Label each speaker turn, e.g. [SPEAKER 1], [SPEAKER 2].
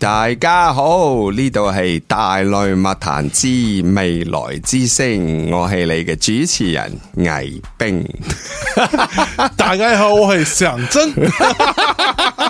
[SPEAKER 1] 大家好，呢度係大內密談之未來之聲，我係你嘅主持人倪兵。 大家好，我係相征。